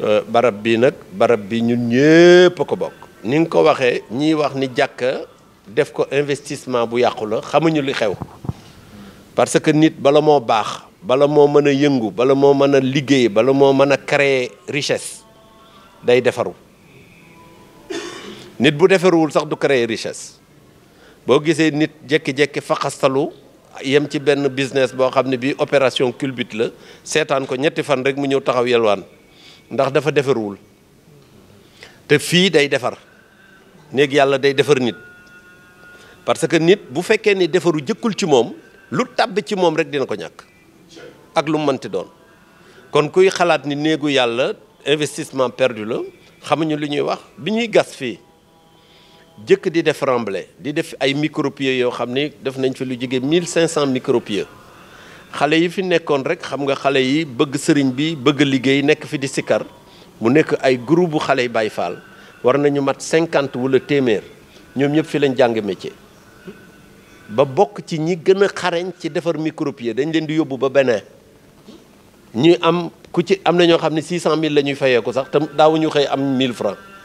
Euh, barab bi nag barab bi ñun ñëpp a ko bokk ni nga ko waxee ñiy wax ni jàkka def ko investissement bu yàqu la xamuñu li xew parce que nit bala moo baax bala moo mën a yëngu bala moo mën a liggéey bala moo mën a créer richesse day defaru nit bu defaruwul sax du créer richesse boo gisee nit jékki-jékki faxastalu yem ci benn business boo xam ne bii opération culbute la seetaan ko ñetti fan rek mu ñëw taxaw yelwaan ndax dafa defarwul te fii day defar néeg yàlla day defar nit parce que nit bu fekkee ni defaru jëkkul ci moom lu tàbbi ci moom rek dina ko ñàkk ak lu mënti doon kon kuy xalaat ni néegu yàlla investissement perdu la xamuñu lu ñuy wax bi ñuy gas fii jëkk di def remblai di def ay micropieux yoo xam ni def nañ fi lu jigéen mille cinq cent micropieux xale yi fi nekkoon rek xam nga xale yi bëgg sëriñ bi bëgg liggéey nekk fi di sikkar mu nekk ay groupe bu xale yi Baay Faal war nañu mat cinquante wala téeméer ñoom ñëpp fi lañ jàng métier ba bokk ci ñi gën a xarañ ci defar micropieux dañ leen di yóbbu ba beneen ñuy am ku ci am na ñoo xam ne six cent mille la ñuy fayee ko sax te daawuñu xëy am mille francs